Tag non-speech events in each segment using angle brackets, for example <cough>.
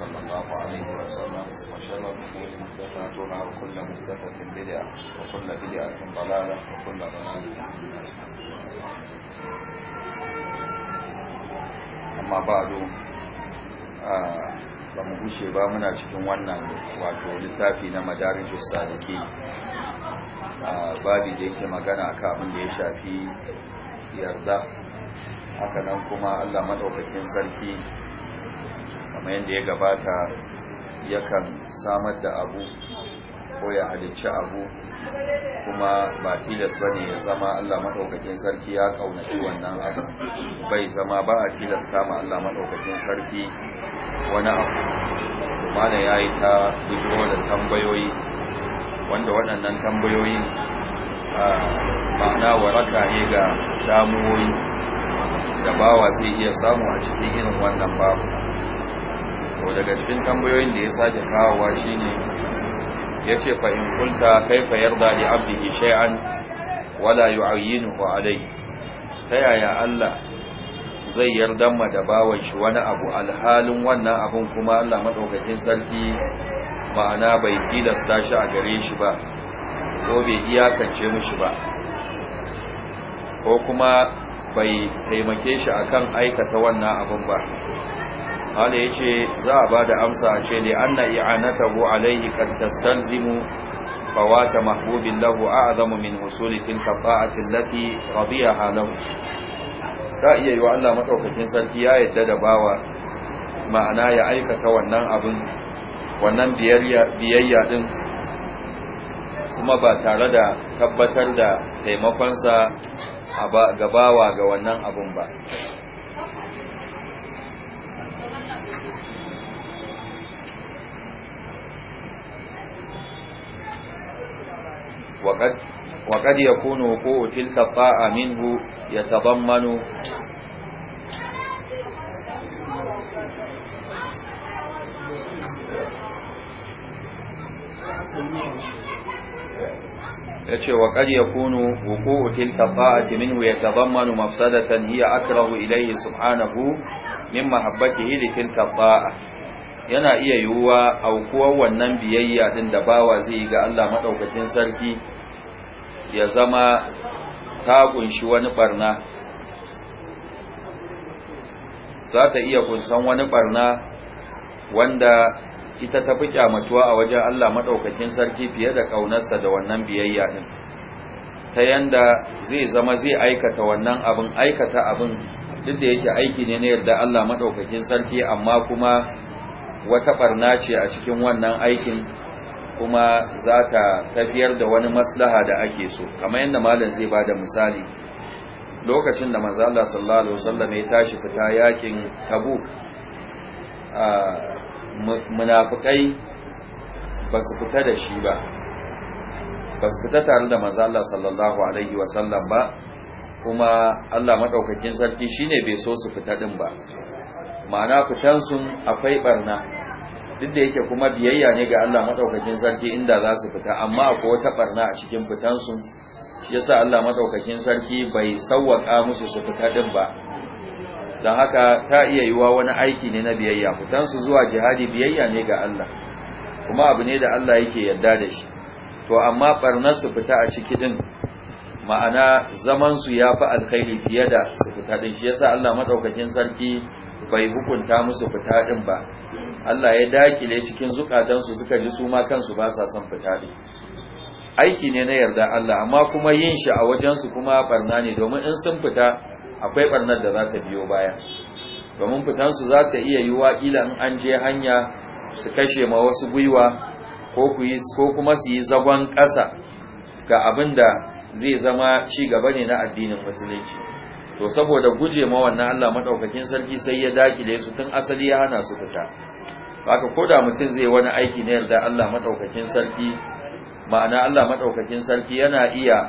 صلى الله عليه وسلم وشر الأمور محدثاتها وكل محدثة بدعة وكل بدعة ضلالة وكل ضلالة أما بعد ba mu gushe ba muna cikin wannan wato littafi na madarijus saliki babi da yake magana ka abin da ya shafi yarda haka nan kuma Allah maɗaukakin sarki kamar yadda ya gabata ya kan samar da abu ko ya halicci abu kuma ba tilas ba ne ya zama Allah maɗaukakin sarki ya ƙaunaci wannan abu bai zama ba a tilasta ma Allah maɗaukakin sarki wani abu kuma da yi ta bijiro da tambayoyi wanda waɗannan tambayoyi ma'ana waraka ne ga damuwoyi da bawa zai iya samu a cikin irin wannan babu to daga cikin tambayoyin da ya sake kawowa shine yace fa in kulta kaifa yarda li abdihi shay'an wala yu'ayyinuhu alayhi ta yaya Allah zai yarda ma da bawan shi wani abu alhalin wannan abun kuma Allah madaukakin sarki ma'ana bai filasta shi a gare shi ba ko bai iyakance mishi ba ko kuma bai taimake shi akan aikata wannan abun ba hala ya ce za a ba da amsa a ce li'anna i'anatahu Alayhi kad tastalzimu fawata mahbubin lahu a'zamu min usuli tilka ta'ati allati radiyaha lahu ta iya yi wa Allah madaukakin sarki ya yadda da bawa ma'ana ya aikata wannan abin wannan biyayya din kuma ba tare da tabbatar da taimakonsa gabawa ga wannan abin ba وقد وقد يكون وقوع تلك الطاعة منه يتضمن وقد يكون وقوع تلك الطاعة منه minhu مفسدة هي أكره إليه سبحانه subhanahu محبته لتلك الطاعة yana iya yiwuwa aukuwar wannan biyayya din da bawa zai ga Allah madaukakin sarki ya zama ta kunshi wani barna za ta iya kunsan wani barna wanda ita ta fi kyamatuwa a wajen Allah maɗaukakin sarki fiye da ƙaunarsa da wannan biyayya ɗin ta yanda zai zama zai aikata wannan abin aikata abin duk da yake aiki ne na yarda Allah maɗaukakin sarki amma kuma wata ɓarna ce a cikin wannan aikin kuma za ta tafiyar da wani maslaha da ake so kamar yadda malam zai ba da misali lokacin da manzo Allah sallallahu alaihi wasallam ya tashi fita yakin Tabuk munafukai ba su fita da shi ba ba su fita tare da manzo Allah sallallahu alaihi wasallam ba kuma Allah maɗaukakin sarki shine bai so su fita din ba ma'ana fitan sun akwai barna duk da yake kuma biyayya ne ga Allah madaukakin sarki inda za su fita amma akwai wata barna a cikin fitan su yasa Allah madaukakin sarki bai sawwaka musu su fita din ba dan haka ta iya yiwa wani aiki ne na biyayya fitan su zuwa jihadi biyayya ne ga Allah kuma abu ne da Allah yake yarda da shi to amma barnar su fita a ciki din ma'ana zaman su yafi alkhairi fiye da su fita din shi yasa Allah madaukakin sarki bai hukunta musu fita din ba Allah ya dakile cikin zukatansu suka ji su ma kansu ba sa son fita ne aiki ne na yarda Allah amma kuma yin shi a wajensu kuma barna ne domin in sun fita akwai barnar da za ta biyo baya domin fitansu za ta iya yiwa kila in an je hanya su kashe ma wasu gwiwa ko kuma su yi zagon ƙasa ga abin da zai zama ci gaba ne na addinin musulunci to saboda guje ma wannan Allah madaukakin sarki sai ya dakile su tun asali ya hana su fita haka ko da mutum zai wani aiki na yarda Allah madaukakin sarki ma'ana Allah madaukakin sarki yana iya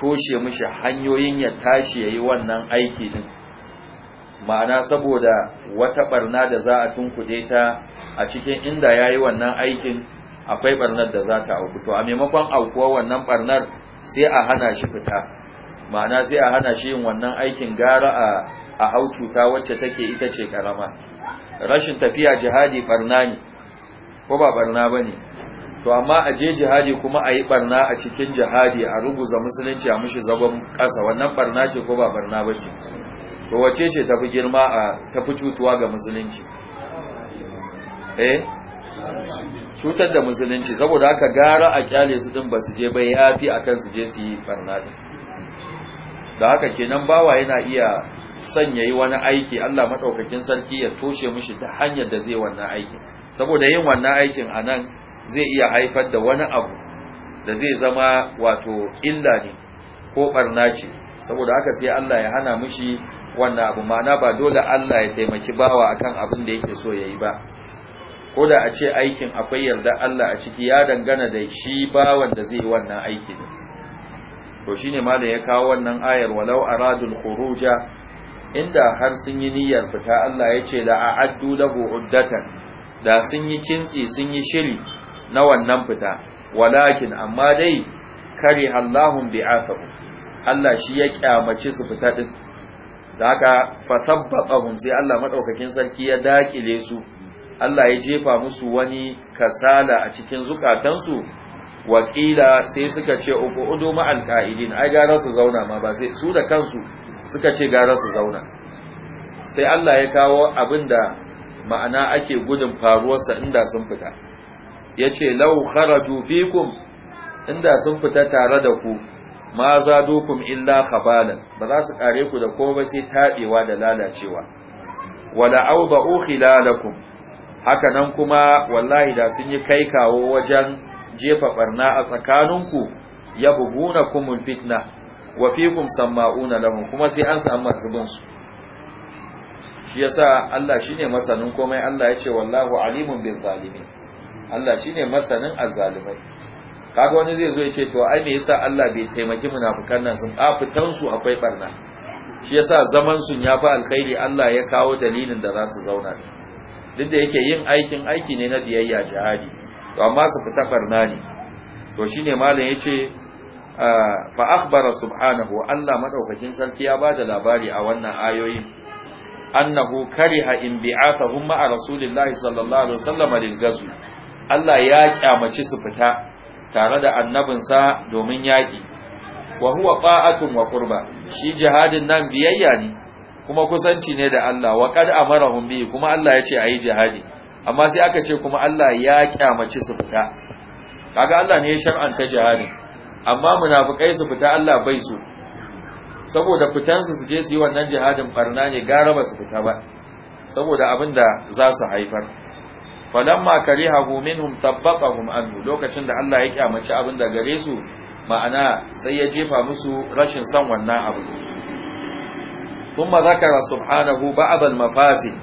toshe mishi hanyoyin ya tashi yayi wannan aiki din ma'ana saboda wata barna da za a tunkuɗe ta a cikin inda yayi wannan aikin akwai barnar da za ta auku to a maimakon aukuwa wannan barnar sai a hana shi fita ma'ana sai a hana shi yin wannan aikin gara a a hau cuta wacce take ita ce karama rashin tafiya jihadi barna ne ko ba barna ba ne to amma a je jihadi kuma a yi barna a cikin jihadi a ruguza musulunci a mushi zagon ƙasa wannan barna ce ko ba barna ba ce to wace ce tafi girma a tafi cutuwa ga musulunci eh cutar da musulunci saboda haka gara a kyale su din ba su je bai yafi akan su je su yi barna da haka kenan bawa yana iya ya yi wani aiki Allah madaukakin sarki ya toshe mishi ta hanyar da zai wannan aikin saboda yin wannan aikin anan zai iya haifar da wani abu da zai zama wato illa ne ko ɓarna ce saboda haka sai Allah ya hana mishi wannan abu ma'ana ba dole Allah ya taimaki bawa akan abin da yake so yayi ba ko da a ce aikin akwai yarda Allah a ciki ya dangana da shi bawan da zai wannan aiki ne to shine malam ya kawo wannan ayar walau aradul khuruja inda har sun yi niyyar fita Allah ya ce la'addu lahu uddatan da sun yi kintsi sun yi shiri na wannan fita walakin amma dai kare Allahun asabu Allah shi ya kyamaci su fita din da haka fasabbaqahum sai Allah madaukakin sarki ya dakile su Allah ya jefa musu wani kasala a cikin zukatansu wakila sai suka ce uqudu ma'al qa'idin ai gara su zauna ma ba sai su da kansu suka ce gara su zauna sai Allah ya kawo abin da ma'ana ake gudun faruwarsa inda sun fita ya ce lau kharaju fikum inda sun fita tare da ku ma za illa khabalan ba za su kare ku da komai sai taɓewa da lalacewa wala auba'u khilalakum haka nan kuma wallahi da sun yi kai kawo wajen jefa ɓarna a tsakaninku ya na kumun fitna wa fikum sama'una lahum kuma sai an samu masu su shi yasa Allah shine masanin komai Allah ya ce wallahu alimun bil zalimin Allah shine masanin azzalimai kaga wani zai zo ya ce to ai me yasa Allah bai taimaki munafikan nan sun afitan su akwai barna shi yasa zaman sun fi alkhairi Allah ya kawo dalilin da za su zauna duk da yake yin aikin aiki ne na biyayya jihadi to amma su fita barna ne to shine malam yace fa akhbara subhanahu Allah madaukakin sarki ya bada labari a wannan ayoyin annahu kariha in bi'athahum a rasulillahi sallallahu alaihi wasallam lil Allah ya kyamaci su fita tare da annabinsa domin yaki wa huwa qa'atun wa qurba shi jihadin nan biyayya ne kuma kusanci ne da Allah wa qad amarahum bi kuma Allah ya ce ayi jihadi amma sai aka ce kuma Allah ya kyamaci su fita kaga Allah ne ya shar'anta jihadin amma munafikai su fita Allah bai su saboda fitansu su je su yi wannan jihadin barna ne gara ba su fita ba saboda abin da za su haifar falamma karihahu minhum tabbaqahum anhu lokacin da Allah ya kyamaci abin da gare su ma'ana sai ya jefa musu rashin san wannan abu thumma zakara subhanahu ba'd al-mafasid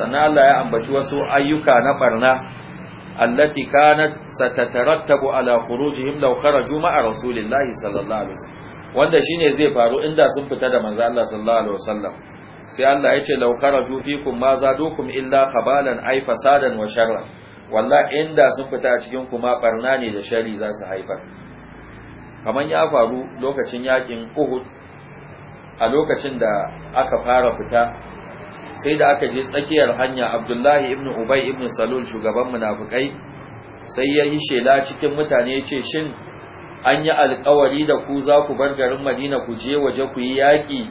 sannan Allah ya ambaci wasu ayyuka na barna allati na satarattabu ala khurujihim law kharaju ma'a rasulillahi sallallahu alaihi wasallam wanda shine zai faru inda sun fita da manzo Allah sallallahu alaihi wasallam sai Allah ya ce law kharaju fikum ma zadukum illa khabalan ay fasadan wa sharran wallahi inda sun fita a cikin ku ma barna ne da shari za su haifar kaman ya faru lokacin yakin Uhud a lokacin da aka fara fita sai da aka je tsakiyar hanya abdullahi ibn Ubai ibn salul shugaban munafikai sai ya yi shela cikin mutane ya ce shin an yi alkawari da ku za ku bar garin madina ku je waje ku yi yaƙi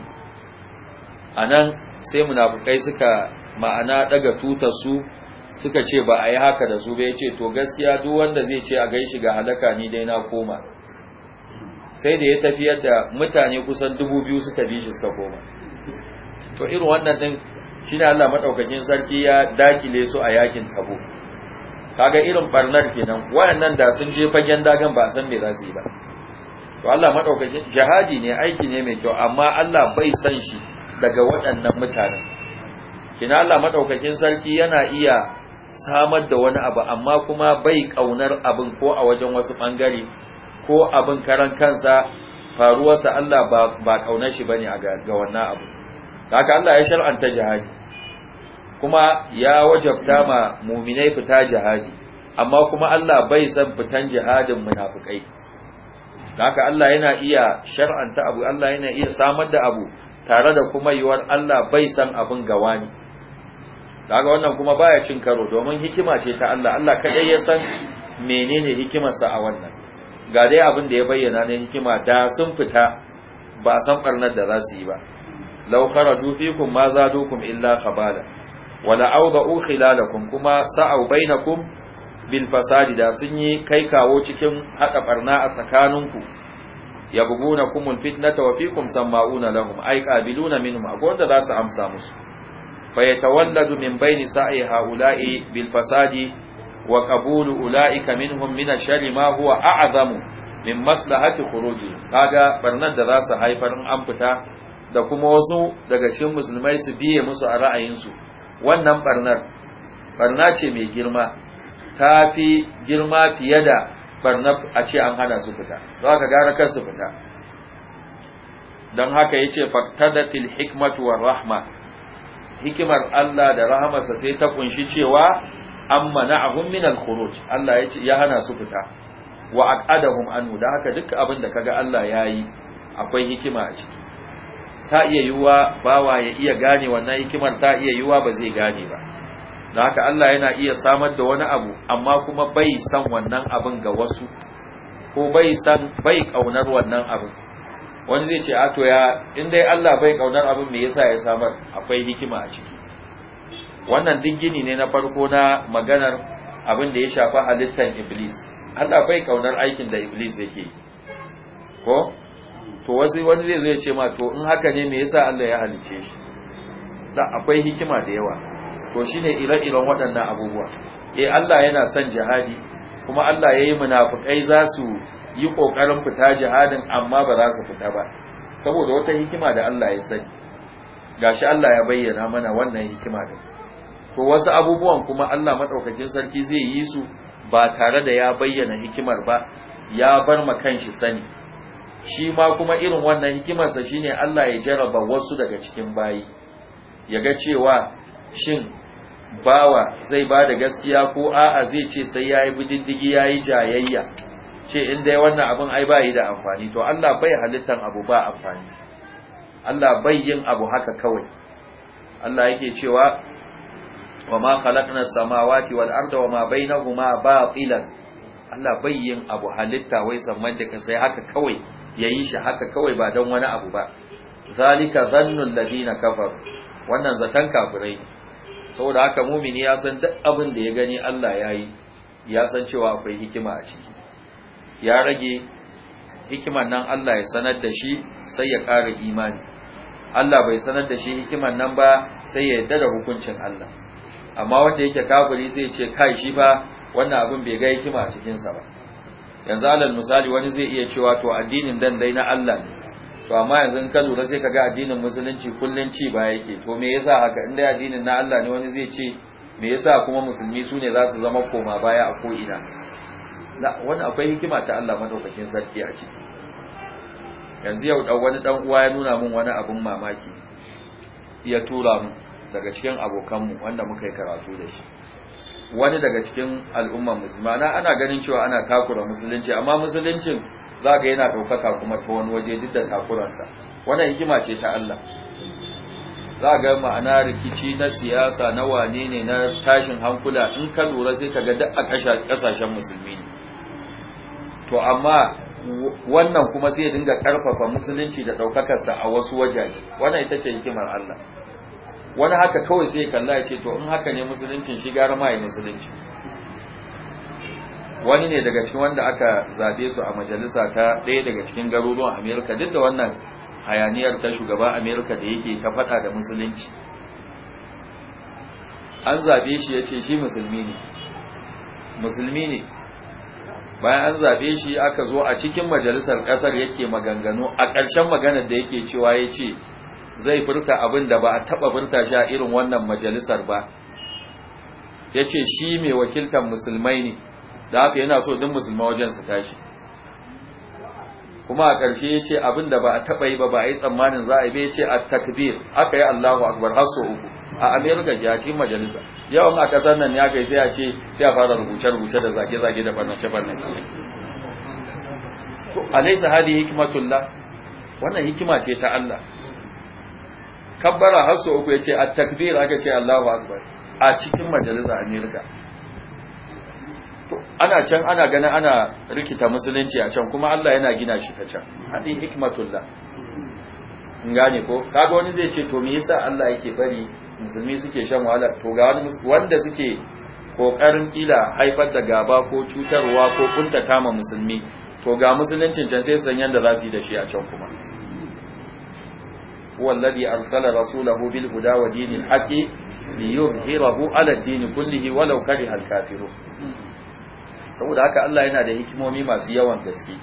a nan sai munafukai suka ma'ana daga su suka ce ba a yi haka da su ba ya ce to gaskiya duk wanda zai ce a gaishi ga halaka ni dai na koma sai da ya tafiyar da mutane kusan dubu biyu suka bi shi suka koma to irin wannan din ne Allah maɗaukakin sarki ya dakile su a yakin tabo kaga irin barnar kenan wayannan da sun je fagen dagan ba san me za su yi ba to Allah maɗaukakin jihadi ne aiki ne mai kyau amma Allah bai san shi daga waɗannan mutanen kina Allah maɗaukakin sarki yana iya samar da wani abu amma kuma bai kaunar abin ko a wajen wasu bangare ko abin karan kansa faruwarsa Allah ba kaunar shi bane ga wannan abu haka Allah ya shar'anta jihadi kuma ya wajabta ma muminai fita jihadi amma kuma Allah bai san fitan jihadin munafikai haka Allah yana iya shar'anta abu Allah yana iya samar da abu tare da kuma yiwuwar Allah bai san abin gawa daga wannan kuma baya cin karo domin hikima ce ta Allah Allah kadai ya san menene hikimarsa a wannan ga dai abin da ya bayyana ne hikima da sun fita ba san barnar da za su yi ba law kharaju fikum ma zadukum illa khabala wala awda'u khilalakum kuma sa'u bainakum bil fasadi da sun yi kai kawo cikin hada barna a tsakaninku yabghunakum al fitnata wa fikum sama'una lahum ay qabiluna minhum akwai za su amsa musu fa yatawalladu min baini sa'i haula'i bil fasadi wa qabulu ulaika minhum min ashari ma huwa a'zamu min maslahati khuruji kaga barnan da za su haifar in an fita da kuma wasu daga cikin musulmai su biye musu a ra'ayinsu wannan barnar barna ce mai girma ta fi girma fiye da barna a ce an hana su fita za ka gara kar su fita don haka ya ce faktadatil hikmatu wa rahma hikimar Allah da rahamarsa sai ta kunshi cewa an mana min al-khuruj Allah ya hana su fita wa aqadahum anhu da haka duk abin da kaga Allah yayi akwai hikima a ciki ta iya yiwuwa bawa ya iya gane wannan hikimar ta iya yiwuwa ba zai gane ba da haka Allah yana iya samar da wani abu amma kuma bai san wannan abin ga wasu ko bai san bai kaunar wannan abin wani zai ce ato ya in dai Allah bai kaunar abin me yasa ya samar akwai hikima a ciki wannan duk gini ne na farko na maganar abin da ya shafi halittar iblis Allah bai kaunar aikin da iblis yake yi ko to wasu wani zai zo ya ce ma to in haka ne me yasa Allah ya halice shi da akwai hikima da yawa to shine ire-iren waɗannan abubuwa eh Allah yana son jihadi kuma Allah yayi munafikai za su yi kokarin fita jihadin amma ba za su fita ba saboda wata hikima da Allah ya sani gashi Allah ya bayyana mana wannan hikima da to wasu abubuwan kuma Allah madaukakin sarki zai yi su ba tare da ya bayyana hikimar ba ya bar ma kanshi sani shi ma kuma irin wannan hikimarsa shine Allah ya jaraba wasu daga cikin bayi ya ga cewa shin bawa zai ba da gaskiya ko a'a zai ce sai ya yi bididdigi ya yi jayayya ce in dai wannan abin ai bayi yi da amfani to Allah bai halittar abu ba amfani Allah bai yin abu haka kawai Allah yake cewa wa ma khalaqna samawati wal arda wa ma bainahuma batilan Allah bai yin abu halitta wai samman da sai haka kawai Ya yi shi haka kawai ba don wani abu ba zalika zannul ladina kafar. wannan zaton kafirai saboda haka mumini ya san duk abin da ya gani Allah ya yi ya san cewa akwai hikima a ciki ya rage hikiman nan Allah ya sanar da shi sai ya ƙara imani Allah bai sanar da shi hikiman nan ba sai ya yarda da hukuncin Allah amma wanda yake kafiri zai ce kai shi ba wannan abin bai ga hikima a cikinsa ba yanzu alal misali wani zai iya cewa to addinin dan dai na Allah ne to amma yanzu ka lura sai kaga addinin musulunci kullun ci ba yake to me yasa haka in dai addinin na Allah ne wani zai ce me yasa kuma musulmi su ne za su zama koma baya a ko ina la wani akwai hikima ta Allah madaukakin sarki a ciki yanzu yau dan wani dan uwa ya nuna min wani abun mamaki ya tura mu daga cikin abokanmu wanda muka yi karatu da shi wani daga cikin al'ummar musulma na ana ganin cewa ana takura musulunci amma musuluncin za ga yana ɗaukaka kuma ta wani waje duk da takuransa wannan hikima ce ta Allah za ga ma'ana rikici na siyasa na wane ne na tashin hankula in ka lura sai ka ga duk a ƙasashen musulmi to amma wannan kuma zai dinga ƙarfafa musulunci da ɗaukakarsa a wasu wajaje wannan ita ce hikimar Allah wani haka kawai sai kalla ya ce to in haka ne musuluncin shi gara ma yi musulunci wani ne daga cikin wanda aka zaɓe su a majalisa ta ɗaya daga cikin garuruwan amerika duk da wannan hayaniyar ta shugaba amerika da yake ta faɗa da musulunci an zaɓe shi ya ce shi musulmi ne musulmi ne bayan an zaɓe shi aka zo a cikin majalisar ƙasar yake maganganu a ƙarshen maganar da yake cewa ya ce zai furta abin da ba a taɓa furta shi a irin wannan majalisar ba ya ce shi mai wakiltar musulmai ne da haka yana so duk musulma wajen su tashi kuma a ƙarshe ya ce abin da ba a taɓa yi ba ba a yi tsammanin za a yi ce a takbir aka yi allahu akbar har so uku a amerika ya ce majalisa yawan a ƙasar nan ya kai sai a ce sai a fara rubuce-rubuce da zage-zage da barnace-barnace to alaisa hali hikimatullah wannan hikima ce ta allah kabbara har sau uku ya ce a takbir aka ce Allahu Akbar a cikin majalisa a ana can ana ganin ana rikita musulunci a can kuma Allah yana gina shi ta can hadin hikmatullah in gane ko kaga wani zai ce to me yasa Allah yake bari musulmi suke shan wahala to ga wani wanda suke kokarin kila haifar da gaba ko cutarwa ko kunta kama musulmi to ga musuluncin can sai san yanda za su yi da shi a can kuma هو الذي أرسل رسوله بالهدى ودين الحق ليظهره على الدين كله ولو كره الكافرون saboda haka Allah yana da hikimomi masu yawan gaske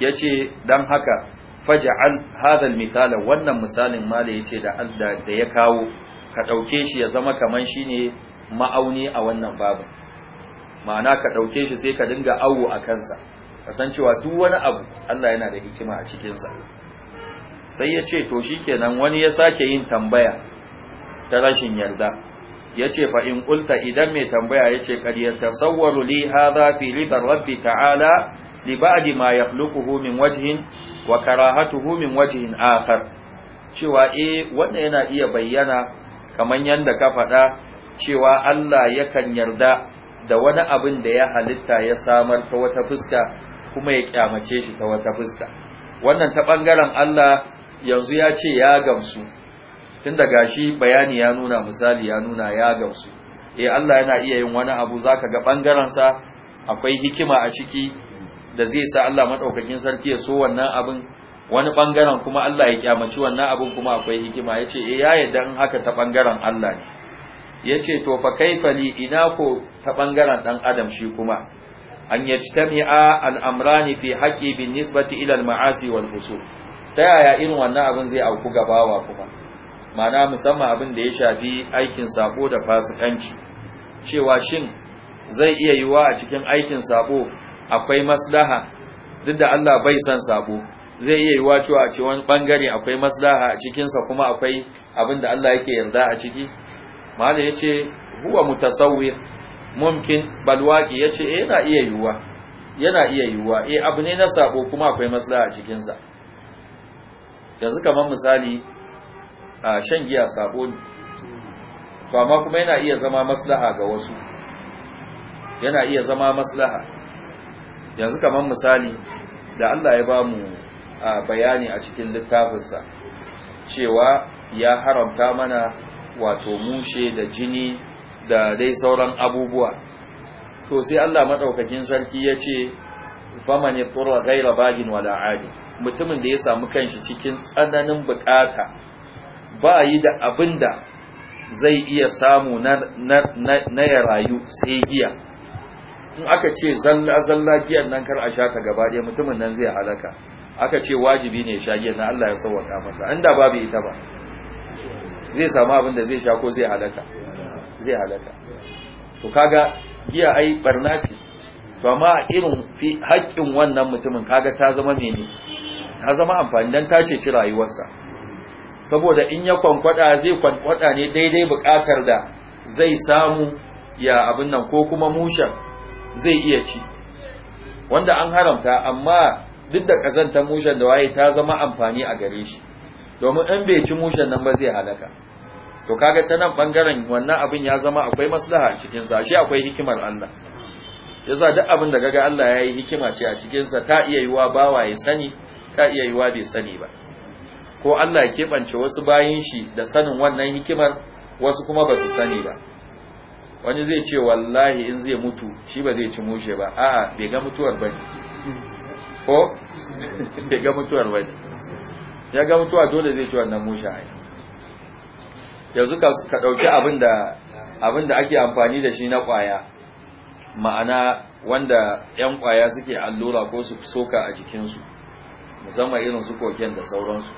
Ya ce dan haka faje hadha al wannan misalin mala yace da da ya kawo ka shi ya zama kaman shine ma'auni a wannan babu ma'ana ka dauke shi sai ka dinga awo a kansa kasancewa duk wani abu Allah yana da hikima a cikinsa. sai ya ce to kenan wani ya sake yin tambaya ta rashin yarda ya ce fa in ulta idan mai tambaya ya ce qad sauwaru li hadha fi ridar rabbi ta'ala li ba'di ma yakhluquhu min wajhin wa karahatuhu min wajhin akhar cewa eh wannan yana iya bayyana kamar yadda ka faɗa cewa Allah yakan yarda da wani abin da ya halitta ya samar ta wata fuska kuma ya kyamace shi ta wata fuska wannan ta ɓangaren Allah yanzu ya ce ya gamsu tun da gashi bayani ya nuna misali ya nuna ya gamsu eh Allah yana iya yin wani abu zaka ga ɓangarensa, sa akwai hikima a ciki da zai sa Allah maɗaukakin sarki ya so wannan abin wani bangaren kuma Allah ya kyamaci wannan abin kuma akwai hikima yace eh ya yadda in haka ta bangaren Allah ne yace to fa kaifa li ina ko ta bangaren ɗan adam shi kuma an yajtami'a al-amrani fi haqqi bin nisbati ila al-ma'asi wal fusuq ta yaya irin wannan abin zai auku gabawa kuma mana musamman abin da ya shafi aikin sabo da fasikanci cewa shin zai iya yiwa a cikin aikin sabo akwai maslaha duk da Allah bai son sabo zai iya yiwa cewa a cikin bangare akwai maslaha a cikinsa kuma akwai abin da Allah yake yarda a ciki mala yace huwa mutasawwir mumkin balwaqi yace eh, yana iya yiwa yana iya yiwa eh abu ne na sabo kuma akwai maslaha a cikinsa yanzu kamar misali a shan giya sabo ne to amma kuma yana iya zama maslaha ga wasu yana iya zama maslaha yanzu kamar misali da Allah ya ba mu bayani a cikin littafinsa cewa ya haramta mana wato mushe da jini da dai sauran abubuwa to sai Allah madaukakin sarki ya ce faman yatura gaira bagin wala adi mutumin da ya samu kanshi cikin tsananin bukata ba yi da abin da zai iya samu na ya rayu sai giya in aka ce zalla zalla giyan nan kar a sha ta gaba ɗaya mutumin nan zai halaka aka ce wajibi ne sha giyan na Allah ya sauwaka masa inda babu ita ba zai samu abin da zai sha ko zai halaka zai halaka to kaga giya ai barna ce to amma irin haƙƙin wannan mutumin kaga ta zama mene ta zama amfani dan ta ceci rayuwarsa saboda in ya kwankwada zai kwankwada ne daidai buƙatar da zai samu ya abin nan ko kuma mushar zai iya ci wanda an haramta amma duk da ƙazantar mushar da waye ta zama amfani a gare shi domin in bai ci mushen nan ba zai halaka to kaga ta nan bangaren wannan abin ya zama akwai maslaha cikinsa cikin sa shi akwai hikimar Allah yasa duk abin da gaga Allah ya yi hikima ce a cikin sa ta iya yiwa bawa ya sani ta iya yiwa bai sani ba ko Allah ya keɓance wasu bayin shi da sanin wannan hikimar wasu kuma ba su sani ba wani zai ce wallahi in zai mutu shi ba zai ci mushe ba a'a bai ga mutuwar ba ko <laughs> bai ga mutuwar bane ya ga mutuwa dole zai ci wannan mushe ai yanzu ka dauki abin da abin da ake amfani da shi na kwaya ma'ana wanda 'yan kwaya suke allura ko su soka a jikinsu musamman irin su koken da sauransu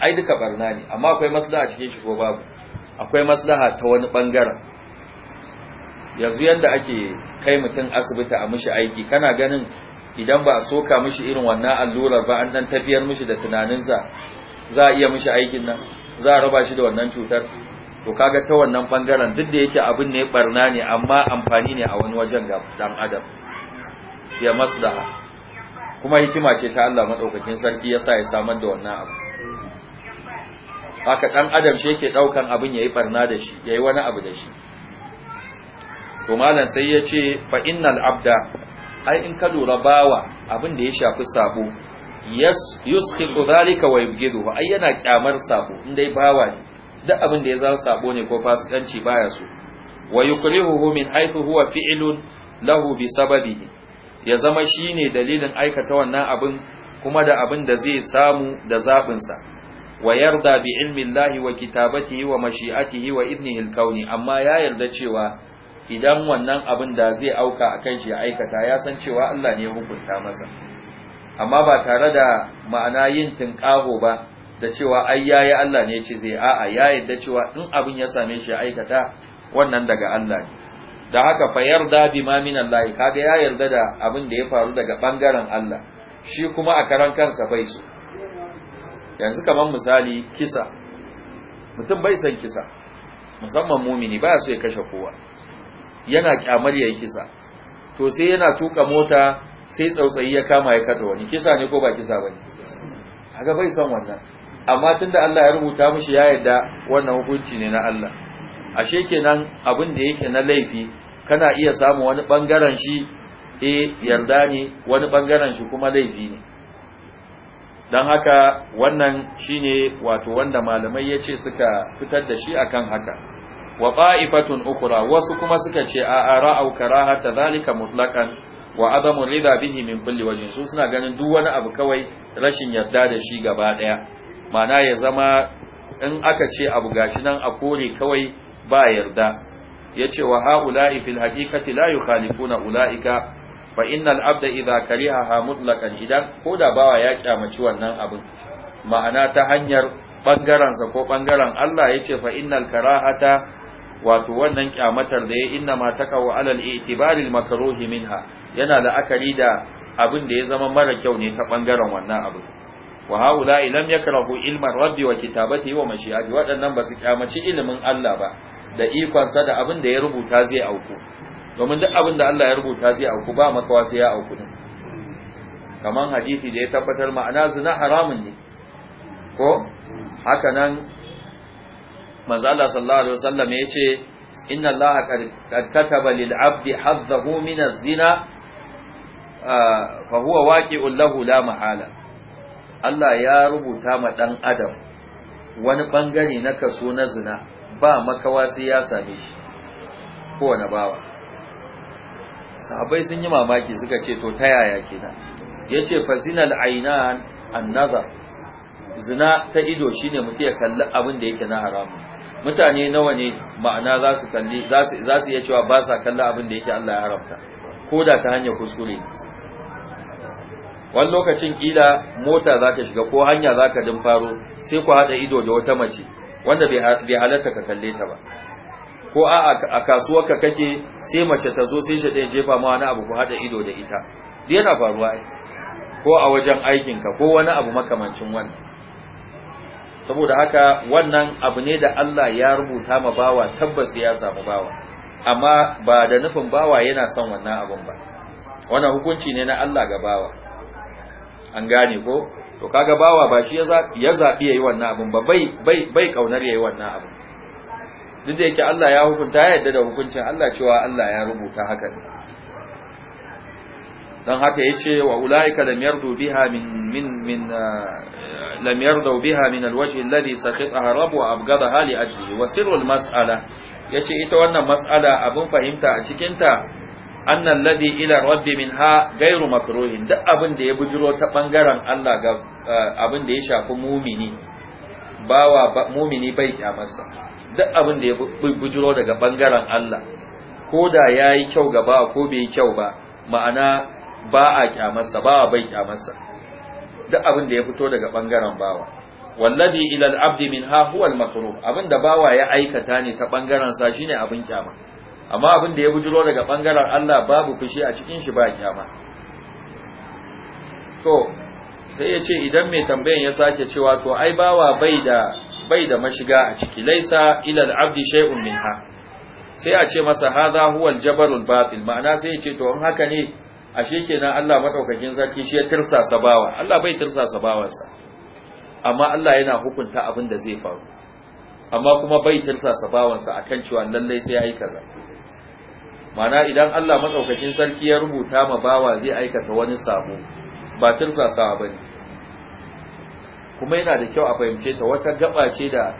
ai duka barna ne amma akwai maslaha cikin shi ko babu akwai maslaha ta wani bangaren yanzu yadda ake kai mutum asibiti a mishi aiki kana ganin idan ba a soka mishi irin wannan allurar ba an dan tafiyar mishi da tunaninsa za a iya mishi aikin nan za a raba shi da wannan cutar to kaga ta wannan bangaren duk da yake abin ne barna ne amma amfani ne a wani wajen ga dan adam ya maslaha kuma hikima ce ta Allah madaukakin sarki yasa ya samar da wannan abu haka dan adam shi yake daukan abin yayi barna da shi yayi wani abu da shi to malam sai ya ce fa innal abda ai in ka lura bawa abin da ya shafi sabo yas yusqitu dhalika wa yubghiduhu ai yana kyamar sabo indai bawa ne duk abin da ya zama sabo ne ko fasikanci baya so wa yukrihuhu min haythu huwa fi'lun lahu bi sababihi ya zama shine dalilin aikata wannan abin kuma da abin da zai samu da zabin sa wa yarda bi ilmi llahi wa kitabatihi wa mashi'atihi wa ibnihi alkauni amma ya yarda cewa idan wannan abin da zai auka akan shi aikata ya san cewa Allah ne ya hukunta masa amma ba tare da ma'ana yin tinkaho ba da cewa ai yayi Allah ne ce zai a'a ya yadda cewa in abin ya same shi aikata wannan daga Allah ne da haka fa yarda ma min Allah kaga ya yarda da abin da ya faru daga bangaren Allah shi kuma a karan kansa bai so yanzu kamar misali kisa mutum bai san kisa musamman mumini ba so ya kashe kowa yana kyamar yayi kisa to sai yana tuka mota sai tsautsayi ya kama ya kada wani kisa ne ko ba kisa bane kaga bai san wannan amma tunda Allah ya rubuta mishi ya yarda wannan hukunci ne na Allah ashe kenan abin da yake na laifi kana iya samu wani bangaren shi eh yarda ne wani bangaren shi kuma laifi ne dan haka wannan shine wato wanda malamai ya ce suka fitar da shi akan haka wa qa'ifatun ukura wasu kuma suka ce a ra'au karahata zalika mutlaqan wa adamu ridha bihi min kulli wajhin su suna ganin duk wani abu kawai rashin yarda da shi gaba daya mana ya zama in aka ce abu gashi nan a kore kawai ba yarda ya ce wa ha'ula'i fil haƙiƙati la yukhalifuna ula'ika fa innal abda idza karihaha mutlaqan idan koda bawa ya kyamaci wannan abin ma'ana ta hanyar bangaren sa ko bangaren Allah yace fa innal karahata wato wannan kyamatar da ya inna ma taqaw alal itibari makruhi minha yana la'akari da abin da ya zama mara kyau ne ta bangaren wannan abin wa haula'i lam yakrahu ilman rabbi wa kitabatihi wa mashi'ati waɗannan ba su kyamaci ilimin Allah ba da ikonsa da abin da ya rubuta zai auku domin duk abin da Allah ya rubuta zai auku ba makawa sai ya auku din kaman hadisi da ya tabbatar ma'ana zina haramun ne ko haka nan manzo Allah sallallahu alaihi wasallam ya ce inna Allah qad kataba lil abdi haddahu min az-zina ah, fa huwa waqi'un lahu la mahala Allah ya rubuta ma ɗan adam wani ɓangare na kaso na zina ba makawa sai ya same shi kowane bawa sahabai sun yi mamaki suka ce to ta yaya kenan ya ce fa zinal ainan zina ta ido shine mutum ya kalli abin da yake na haramu mutane nawa ne ma'ana za su kalli za su iya cewa ba sa kalli abin da yake Allah ya haramta Koda ta hanyar kuskure wani lokacin ƙila mota za ka shiga ko hanya za ka faro sai ku haɗa ido da wata mace wanda bai halatta ka kalle ta ba ko a a kasuwar ka kake sai mace ta zo sai shaɗe jefa ma wani abu ku haɗa ido da ita da yana faruwa ai ko a wajen aikinka ko wani abu makamancin wani. saboda haka wannan abu ne da Allah ya rubuta ma bawa tabbas ya samu bawa amma ba da nufin bawa yana son wannan abun ba wannan hukunci ne na Allah ga bawa an gane ko to kaga bawa ba shi ya zaɓi ya yi wannan abin ba bai ƙaunar ya yi wannan abin duk da yake Allah ya hukunta ya yadda da hukuncin Allah cewa Allah ya rubuta haka ne don haka ya wa ula'ika lam yardu biha min min min ah, lam yardu biha min alwajh alladhi rabb wa abghadaha li ajli wa sirrul mas'ala yace ita wannan mas'ala abin fahimta a cikin ta annal ladi ila rabbi minha ghairu makruhin duk abin da ya bujiro ta bangaren Allah ga abin da ya shafi mumini bawa mumini bai kyamarsa duk abin da ya bujiro daga bangaren Allah ko da yayi kyau ga bawa ko bai kyau ba ma'ana ba a kyamarsa bawa bai kyamarsa duk abin da ya fito daga bangaren bawa wallazi ila al-abdi minha huwa al-makruh abin da bawa ya aikata ne ta bangaren sa shine abin kyama amma abin da ya bujiro daga bangaren Allah babu fushi a cikin shi ba kyama to sai ya ce idan mai tambayan ya sake cewa to ai bawa bai da mashiga a ciki laisa Ilal abdi shay'un minha sai a ce masa hadha huwa batil ma'ana sai ya ce to in haka ne ashe kenan Allah maɗaukakin sarki shi ya tirsasa bawa Allah bai tirsasa bawansa amma Allah yana hukunta abin da zai faru amma kuma bai tirsasa bawansa akan cewa lallai sai ya yi kaza mana idan Allah matsaukakin sarki ya rubuta ma bawa zai aikata wani sabo ba ba bane kuma yana da kyau a fahimce ta wata gaba ce da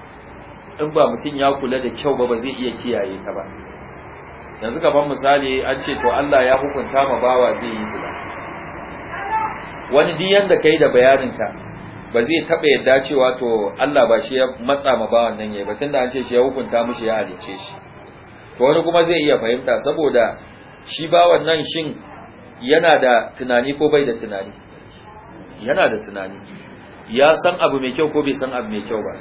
in ba mutum ya kula da kyau ba ba zai iya kiyaye ta ba yanzu gaban misali an ce to Allah ya hukunta ma bawa zai yi zina wani duk yanda kai da bayaninka ba zai taɓa yadda cewa to Allah ba shi ya matsa ma bawan nan yayi ba tunda an ce shi ya hukunta mishi ya halice shi to wani kuma zai iya fahimta saboda shi bawan nan shin yana da tunani ko bai da tunani yana da tunani ya san abu mai kyau ko bai san abu mai kyau ba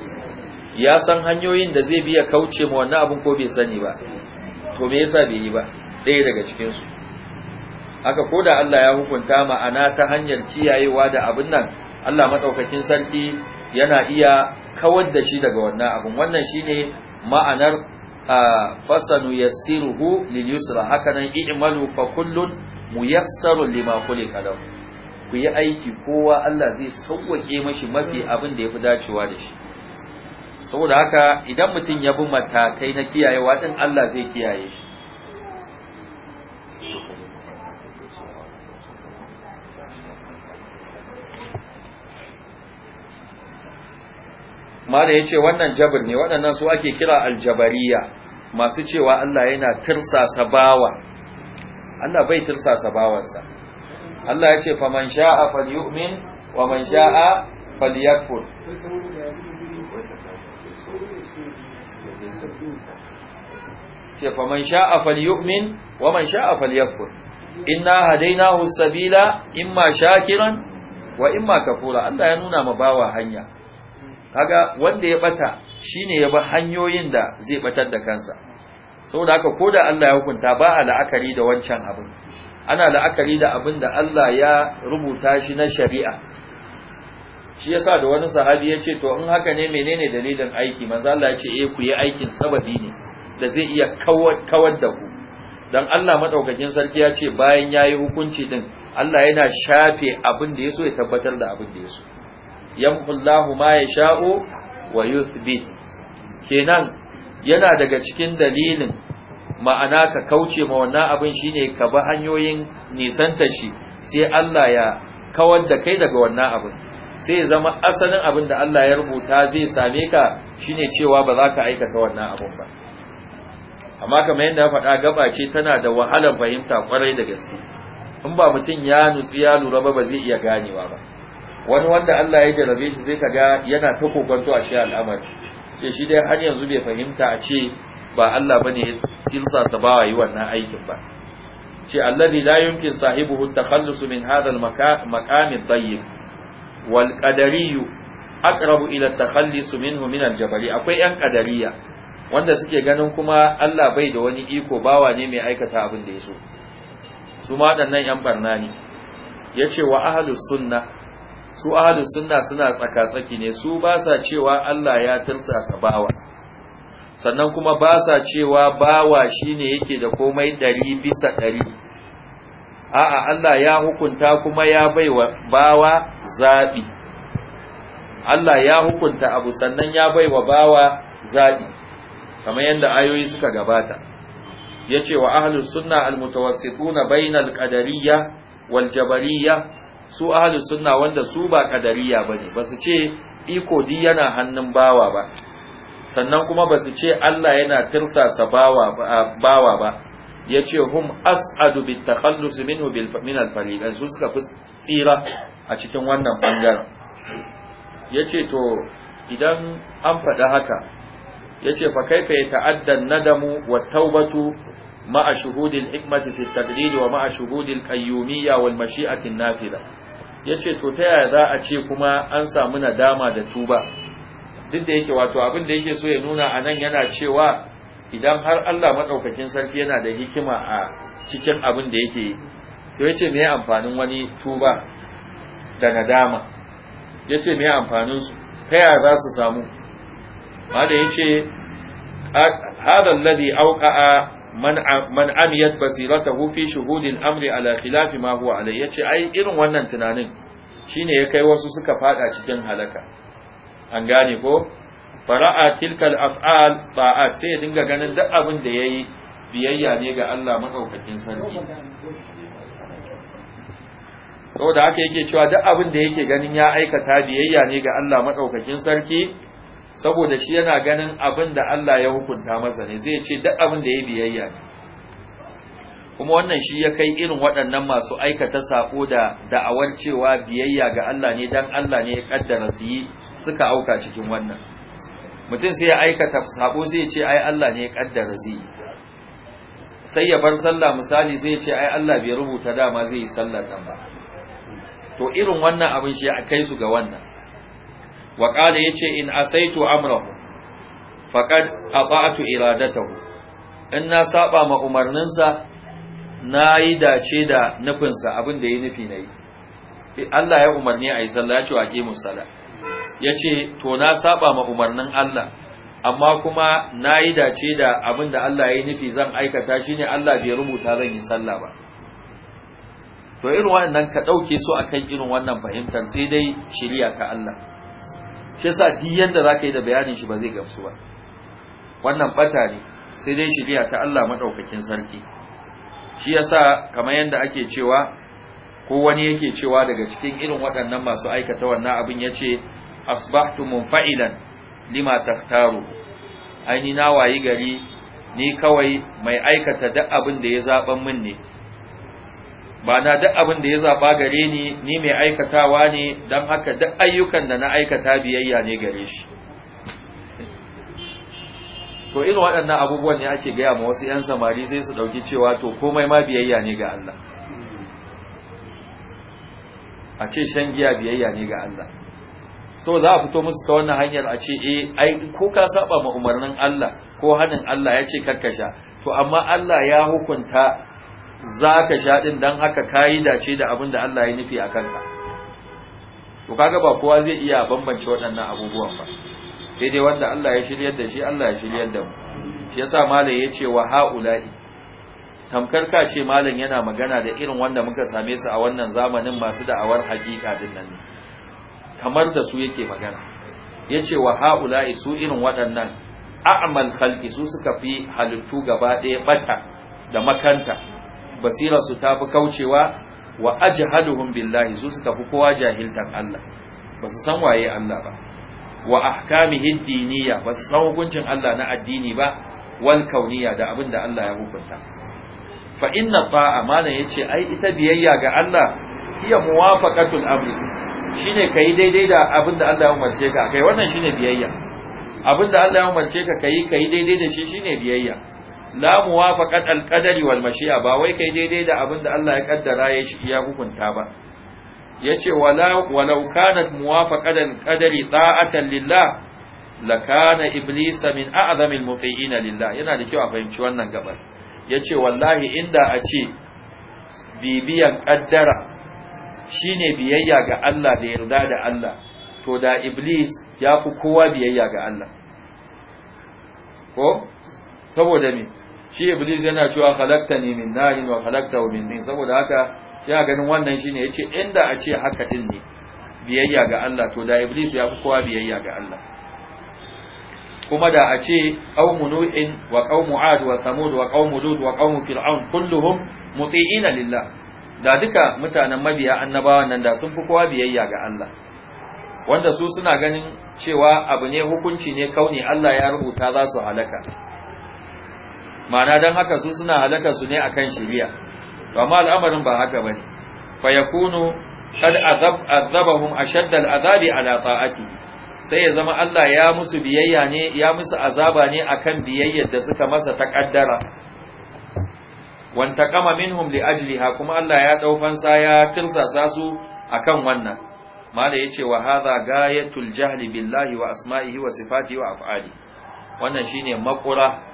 ya san hanyoyin da zai biya kauce ma wannan abun ko bai sani ba to me yasa bai yi ba ɗaya daga cikinsu? su haka ko da Allah ya hukunta ma'ana ta hanyar kiyayewa da abin nan Allah maɗaukakin sarki yana iya kawar da shi daga wannan abin wannan shine ma'anar fasanu yassiruhu lil yusra haka nan i'malu fa kullun muyassarun lima khuliqa lahu ku yi aiki kowa Allah zai sauwake mashi mafi abin da yafi dacewa da shi saboda haka idan mutum ya bi matakai na kiyayewa din Allah zai kiyaye shi mala yace wannan jabr ne waɗannan su ake kira aljabariya masu cewa Allah yana tirsasa bawa Allah bai tirsasa bawansa Allah yace faman sha'a falyu'min wa man sha'a falyakfur ce faman sha'a falyu'min wa man sha'a falyakfur inna hadainahu sabila imma shakiran wa imma kafura Allah ya nuna ma bawa hanya kaga wanda ya bata shine ya bi hanyoyin da zai batar da kansa saboda haka ko da Allah ya hukunta ba a la'akari da wancan abin ana la'akari da abin da Allah ya rubuta shi na shari'a shi yasa da wani sahabi ya ce to in haka ne menene dalilin aiki manzo Allah ya ce eh ku yi aikin sababi ne da zai iya kawar da ku dan Allah madaukakin sarki ya ce bayan yayi hukunci din Allah yana shafe abin da yaso ya tabbatar da abin da yaso yamhu Allahu ma yasha'u wa yuthbit kenan yana daga cikin dalilin ma'ana ka kauce ma wannan abin shine ka ba hanyoyin nisanta shi sai Allah ya kawar da kai daga wannan abin sai zama asalin abin da Allah ya rubuta zai same ka shine cewa ba za ka aikata wannan abin ba amma kamar yadda ya faɗa gaba ce tana da wahalar fahimta kwarai da gaske in ba mutum ya nutsu ya lura ba ba zai iya ganewa ba wani wanda Allah ya jarabe shi zai kaga yana ta kokonto a shi al'amari ce shi dai har yanzu bai fahimta a ce ba Allah bane ya kinsa sa yi wannan aikin ba ce allazi la yumkin sahibuhu at-takhallus min hadha al-maqam ad-dayyib wal qadari aqrabu ila at-takhallus minhu min al-jabali akwai yan qadariya wanda suke ganin kuma Allah bai da wani iko bawa ne mai aikata abin da yaso su ma waɗannan yan barna ne yace wa ahlus sunnah su ahlus sunna suna tsaka-tsaki ne su ba sa cewa Allah ya tursasa bawa sannan kuma ba sa cewa bawa shine yake da komai ɗari bisa ɗari a'a Allah ya hukunta kuma ya baiwa bawa zaɓi Allah ya hukunta abu sannan ya baiwa bawa zaɓi kamar yadda ayoyi suka gabata yace wa ahlus sunna almutawassituna bainal qadariyya wal jabariyya su ahli sunna wanda su ba kadariya bane ba su ce iko di yana hannun bawa ba sannan kuma ba su ce Allah yana tirsasa bawa bawa ba yace hum as'adu bit takhallus minhu bil min al fariqan su suka fi tsira a cikin wannan bangaren yace to idan an faɗi haka yace fa kaifa yata'addan nadamu wa taubatu ma'a shuhudil hikmati fi taqdir wa ma'a shuhudil qayyumiyya wal mashi'ati an-nafila ya ce to ta yaya za a ce kuma an samu nadama da tuba duk da yake wato abin da yake so ya nuna a nan yana cewa idan har Allah maɗaukakin sarki yana da hikima a cikin abin da yake yi to ya ce me amfanin wani tuba da nadama ya ce me amfanin su ta yaya za su samu ma da ya ce hadalladhi auqa'a man amiyat basiratahu fi shuhudil amri ala khilafi ma huwa alai yace ai irin wannan tunanin shine ya kai wasu suka fada cikin halaka an gane ko fara'a al af'al ta'at sai dinga ganin duk abin da yayi biyayya ne ga Allah madaukakin sarki saboda haka yake cewa duk abin da yake ganin ya aikata biyayya ne ga Allah madaukakin sarki saboda shi yana ganin abin da Allah ya hukunta masa ne zai ce duk abin da ya biyayya kuma wannan shi ya kai irin waɗannan masu aikata sako da da'awar cewa biyayya ga Allah ne dan Allah ne ya kaddara su yi suka auka cikin wannan mutum sai ya aikata sako sai ce ai Allah ne ya kaddara yi. sai ya bar sallah misali zai ce ai Allah bai rubuta dama zai yi sallah nan ba to irin wannan abin shi a kai su ga wannan wa qala yace in asaitu amrahu faqad ata'tu iradatahu in na saba ma umarninsa na yi dace da nufinsa abin da ya nufi na yi Allah ya umarni a sallah ya ce wa sala ya ce to na saba ma umarnin Allah amma kuma na yi dace da abin da Allah ya yi nufi zan aikata shi ne Allah bai rubuta zan yi sallah ba to irin wannan ka ɗauke su akan irin wannan fahimtar sai dai shirya ka Allah shi yasa duk yanda zaka yi da bayanin shi ba zai gamsu ba wannan bata ne sai dai shi biya ta Allah madaukakin sarki shi yasa kamar yanda ake cewa ko wani yake cewa daga cikin irin waɗannan masu aikata wannan abin yace asbahtu munfa'ilan lima taftaru aini na wayi gari ni kawai mai aikata duk abin da ya zaban min ne ba na duk abin da ya zaɓa gare ni ni mai aikatawa ne don haka duk ayyukan da na aikata biyayya ne gare shi to irin waɗannan abubuwan ne ake gaya ma wasu 'yan samari sai su ɗauki cewa to komai ma biyayya ne ga Allah a ce shan giya biyayya ne ga Allah so za a fito musu ta wannan hanyar a ce eh ai ko ka saba ma umarnin Allah ko hanin Allah ya ce karkasha to amma Allah ya hukunta za ka sha ɗin don haka ka yi dace da abin da Allah ya nufi a kanka to kaga ba kowa zai iya bambance waɗannan abubuwan ba sai dai wanda Allah ya shiryar da shi Allah ya shiryar da mu shi yasa malam ya ce wa haula'i tamkar ka ce malam yana magana da irin wanda muka same su a wannan zamanin masu da'awar haƙiƙa din nan kamar da su yake magana yace wa haula'i su irin waɗannan a'mal khalqi su suka fi halittu gaba ɗaya bata da makanta basirarsu ta fi kaucewa wa ajhaluhum billahi su suka fi kowa jahiltan Allah ba su san waye Allah ba wa ahkamihi diniya ba su san hukuncin Allah na addini ba wal kauniya da abin da Allah ya hukunta fa inna ta'a malan yace ai ita biyayya ga Allah iya muwafaqatul amri shine kai daidai da abin da Allah ya umarce ka kai wannan shine biyayya abin da Allah ya umarce ka kai kai daidai da shi shine biyayya la muwafaqat alqadari wal mashi'a ba wai kai daidai da abin da Allah ya kaddara ya shi ya hukunta ba yace wala walau kanat muwafaqat alqadari ta'atan lillah lakana iblisa min a'zami almuti'ina lilla. yana da kyau a fahimci wannan gabar yace wallahi in da a ce bibiyan ƙaddara shine biyayya ga Allah da yarda da Allah to da iblis ya fi kowa biyayya ga Allah ko saboda me shi iblis yana cewa khalaqtani min narin wa khalaqtahu min tin saboda haka ya ganin wannan shine yace inda a ce haka din ne biyayya ga Allah to da iblis ya fi kowa biyayya ga Allah kuma da a ce qaumu nu'in wa qaumu ad wa thamud wa qaumu lut wa qaumu fir'aun kulluhum muti'ina lillah da duka mutanen mabiya annabawan nan da sun fi kowa biyayya ga Allah wanda su suna ganin cewa abu ne hukunci ne kauni Allah ya rubuta za su halaka ma'ana don haka su suna halaka su ne akan shiriya amma al'amarin ba haka bane fa yakunu kad azabahum ashadda al'azabi ala ta'ati sai ya zama Allah ya musu biyayya ne ya musu azaba ne akan biyayyar da suka masa ta kaddara wanta kama minhum li ajliha kuma Allah ya dau fansa ya tirsasa su akan wannan mala yace wa hadha gayatul jahli billahi wa asma'ihi wa sifatihi wa af'ali wannan shine makura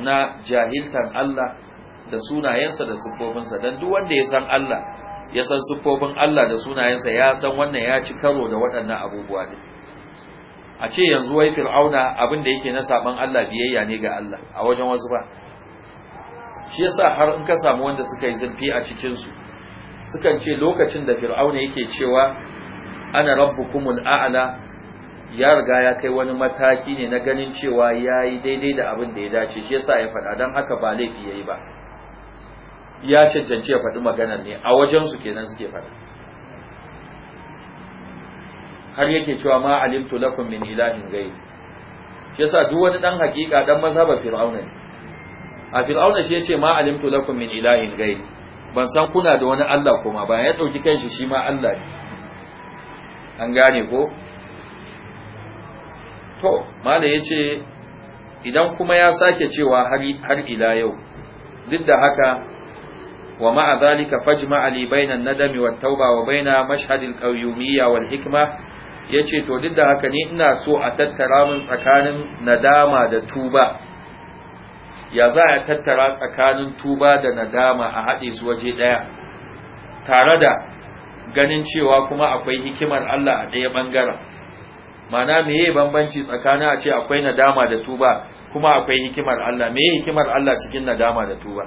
na jahiltan Allah da sunayensa da siffofinsa don duk wanda ya san Allah ya san siffofin Allah da sunayensa ya san wannan ya ci karo da waɗannan abubuwa ne a ce yanzu wai fir'auna abin da yake na saban Allah biyayya ne ga Allah a wajen wasu ba shi yasa har in ka samu wanda suka yi zurfi a cikinsu, sukan ce lokacin da fir'auna yake cewa ana rabbukumul a'la ya riga ya kai wani mataki ne na ganin cewa ya yi daidai da abin da ya dace shi yasa ya faɗa don haka ba laifi ya yi ba ya cancanci ya faɗi maganar ne a wajensu kenan suke faɗa har yake cewa ma alimtu lakum min ilahin gai shi yasa duk wani dan hakika dan mazhabar fir'auna ne a fir'auna shi yace ma alimtu lakum min ilahin gai ban san kuna da wani Allah kuma ba ya dauki kanshi shi ma Allah ne an gane ko to malam ya ce idan kuma ya sake cewa har ila yau duk da haka wa ma'a zalika fajma ali bainan nadami wa tauba wa baina mashhadil qayyumiyya wal hikma yace to duk da haka ne ina so a tattara mun tsakanin nadama da tuba ya za a tattara tsakanin tuba da nadama a hade su waje ɗaya tare da ganin cewa kuma akwai hikimar Allah a ɗaya ɓangaren mana meye bambanci tsakanin a ce akwai nadama da tuba kuma akwai hikimar Allah meye hikimar Allah cikin nadama da tuba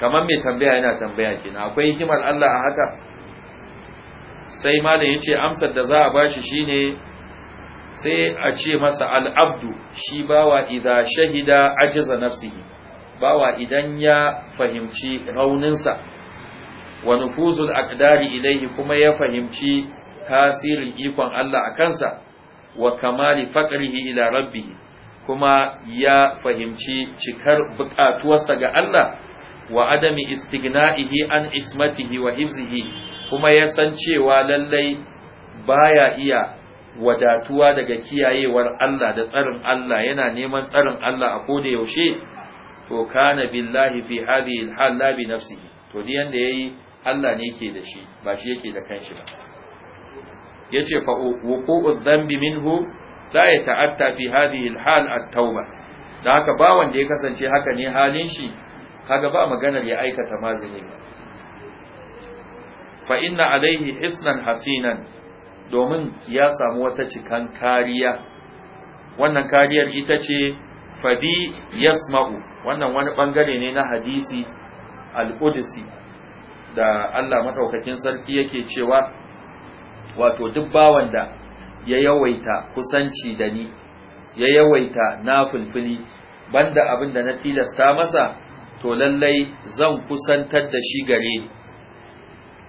kamar mai tambaya yana tambaya kina akwai hikimar Allah a haka sai malam yace amsar da za a bashi shine sai a ce masa al-abdu shi bawa idza shahida ajza nafsihi bawa idan ya fahimci rauninsa wa nufuzul aqdari ilayhi kuma ya fahimci tasirin ikon Allah a kansa wa kamali faqrihi ila rabbih kuma ya fahimci cikar buƙatuwarsa ga Allah wa adami istigna'ihi an ismatihi wa hifzihi kuma ya san cewa lallai baya iya wadatuwa daga kiyayewar Allah da tsarin Allah yana neman tsarin Allah a koda yaushe to kana billahi fi hadhihi al-hal la bi nafsihi to diyan yayi Allah ne yake da shi ba shi yake da kanshi ba yace fa wuqu'u dhanbi minhu la yata'atta fi hadhihi al-hal at-tauba da haka ba wanda ya kasance haka ne halin shi kaga ba maganar ya aikata mazini fa inna alaihi hisnan hasinan domin ya samu wata cikan kariya wannan kariyar ita ce fadi yasma'u wannan wani bangare ne na hadisi al-qudsi da Allah madaukakin sarki yake cewa wato duk bawan da ya yawaita kusanci da ni ya yawaita na fulfili banda abin da na tilasta masa to lallai zan kusantar da shi gare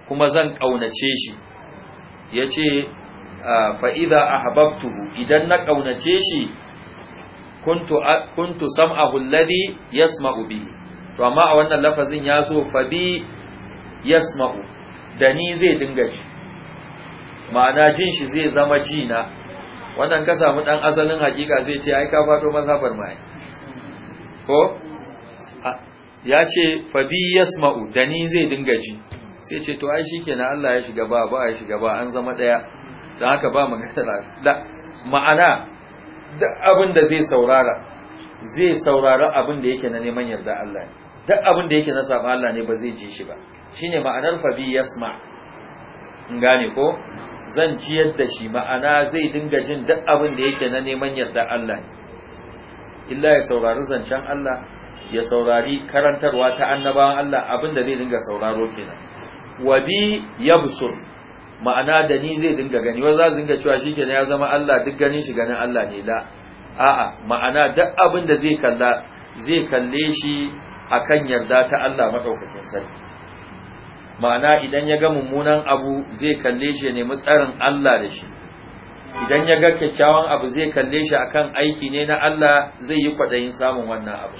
kuma zan ƙaunace shi ya ce fa'iza a idan na ƙaunace shi kuntu sam'ahu alladhi yasma'u bi. to amma a wannan lafazin ya so fabi yasma'u da ni zai dinga ci. ma'ana jin shi zai zama jina. wannan ka samu dan asalin hakika zai ce ai ka fado masafar mai ko ya ce bi yasma'u da ni zai dinga ji sai ce to ai shikenan Allah ya shiga ba ba ya shiga ba an zama daya dan haka ba magana da ma'ana duk abin da zai saurara zai saurara abin da yake na neman yarda Allah duk abin da yake na saba Allah ne ba zai ji shi ba shine ma'anar bi yasma ngane ko zan ciyar da shi ma'ana zai dinga jin duk abin da yake na neman yarda Allah ne illa ya saurari zancen Allah ya saurari karantarwa ta annabawan Allah abin da zai dinga sauraro kenan wa bi yabsur ma'ana da ni zai dinga gani wa za dinga cewa shikenan ya zama Allah duk ganin shi ganin Allah ne la a'a ma'ana duk abin da zai kalla zai kalle shi akan yarda ta Allah madaukakin sarki ma'ana idan ya ga mummunan abu zai kalle shi ne mutsarin Allah da shi idan ya ga kyakkyawan abu zai kalle shi akan aiki ne na Allah zai yi kwaɗayin samun wannan abu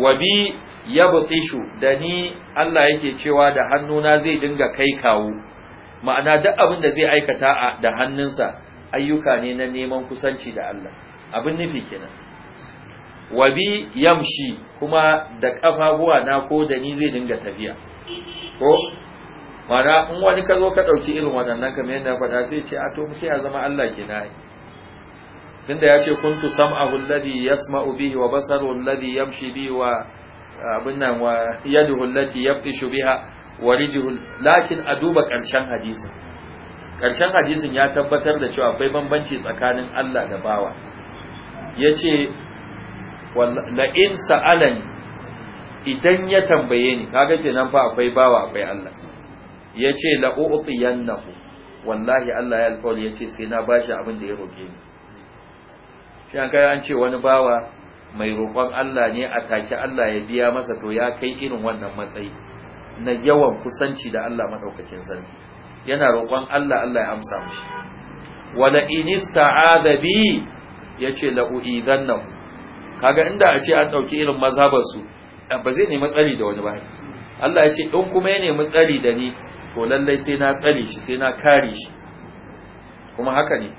wabi ya butsishu da ni Allah yake cewa da hannuna zai dinga kai kawo ma'ana duk abin da zai aikata da hannunsa ayyuka ne na neman kusanci da Allah abin nufi kenan wa bi yamshi kuma da ƙafafuwa na ko da ni zai dinga tafiya ko mana in wani ka zo ka ɗauki irin waɗannan kamar yadda faɗa sai ce a to muke ya zama Allah ke na tunda ya ce kuntu sam'ahu alladhi yasma'u bihi wa basaru alladhi yamshi bihi wa abin nan wa yaduhu allati yabtishu biha wa rijuhu lakin a duba ƙarshen hadisin ƙarshen hadisin ya tabbatar da cewa akwai bambanci tsakanin Allah da bawa yace la in sa'alani idan ya tambaye ni kaga kenan fa akwai bawa akwai Allah yace la u'tiyannahu wallahi Allah ya alƙawari yace sai na bashi abin da ya roke ni shi an kai an ce wani bawa mai roƙon Allah ne a take Allah ya biya masa to ya kai irin wannan matsayi na yawan kusanci da Allah madaukakin sarki yana roƙon Allah Allah ya amsa mishi wala in bi yace la u'idannahu kaga inda a ce an ɗauki irin mazhabar su ba zai nemi tsari da wani ba Allah ya ce in kuma ya nemi tsari da ni to lallai sai na tsare shi sai na kare shi kuma haka ne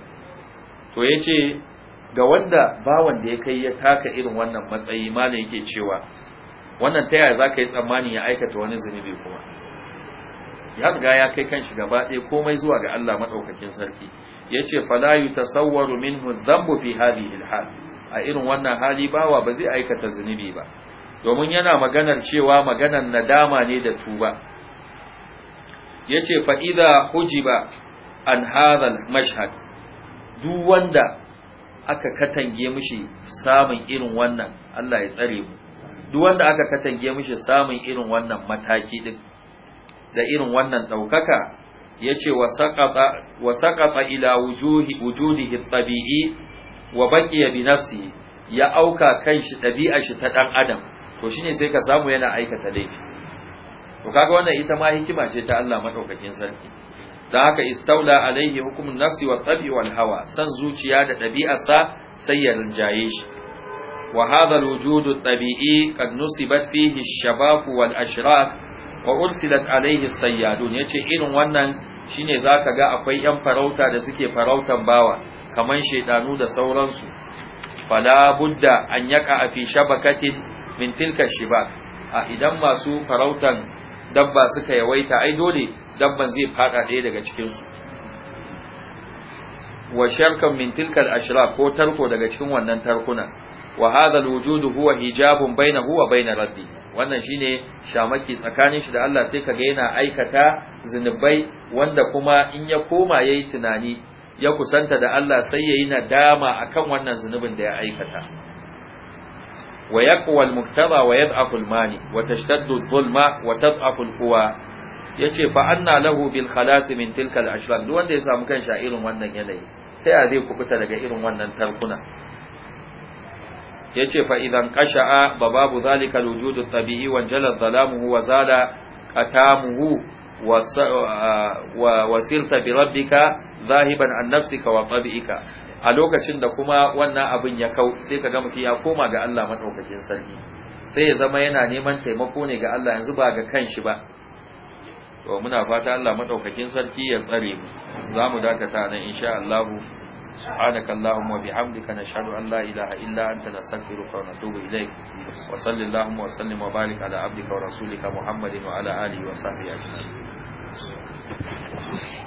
to ya ce ga wanda bawan da ya kai ya taka irin wannan matsayi mana yake cewa wannan ta yaya za ka yi tsammani ya aikata wani zunubi kuma ya riga ya kai kan shi gaba ɗaya komai zuwa ga Allah maɗaukakin sarki ya ce fala tasawwaru minhu dhanbu fi hadhihi al a irin wannan hali bawa ba zai aikata zunubi ba domin yana maganar cewa maganar nadama ne da tuba yace fa idza hujiba an hadha mashhad duk wanda aka katange mishi samun irin wannan Allah ya tsare mu duk wanda aka katange mishi samun irin wannan mataki din da irin wannan daukaka yace wa saqata wa ila wujuhi wujudihi tabi'i wa ya bi nafsi ya auka kan shi ɗabi'a shi ta dan adam to shine sai ka samu yana aikata laifi to kaga wannan ita ma hikima ce ta Allah madaukakin sarki dan haka istaula alaihi hukumun nafsi wa tabi wal hawa san zuciya da sa, sai ya rinjaye shi wa hadha al wujud al tabi'i qad nusibat fihi al shabab wal ashraq wa ursilat alaihi sayyadun yace irin wannan shine zaka ga akwai yan farauta da suke farautan bawa kaman shaidanu da sauransu fala budda an yaka a fi shabakatin min tilka shibab a idan masu farautan dabba suka yawaita ai dole dabban zai fada ɗaya daga cikinsu wa sharkan min tilka al ko tarko daga cikin wannan tarkunan wa hadha al huwa hijabun bainahu wa bain rabbi wannan shine shamaki tsakanin shi da Allah sai kaga yana aikata zinubai wanda kuma in ya koma yayi tunani ya kusanta da Allah sai ya yi nadama a kan wannan zunubin da ya aikata wa yaqwa al-muktaba wa yad'afu al-mani wa tashtaddu adh-dhulma wa tad'afu al-quwa yace fa anna lahu bil khalasi min tilka duk wanda ya samu sha irin wannan yanayi sai a zai kubuta daga irin wannan tarkuna yace fa idan ba babu zalika al-wujud at-tabi'i wa jala wa zala ƙatamuhu. wasirta bi rabbika zahiban an nafsika wa tabi'ika a lokacin da kuma wannan abin ya kau sai ka ga mutum ya koma ga Allah madaukakin sarki sai ya zama yana neman taimako ne ga Allah yanzu ba ga kanshi ba to muna fata Allah madaukakin sarki ya tsare mu za mu dakata nan insha Allah سبحانك اللهم وبحمدك نشهد أن لا إله إلا أنت نستغفرك ونتوب إليك وصل اللهم وسلم وبارك على عبدك ورسولك محمد وعلى آله وصحبه أجمعين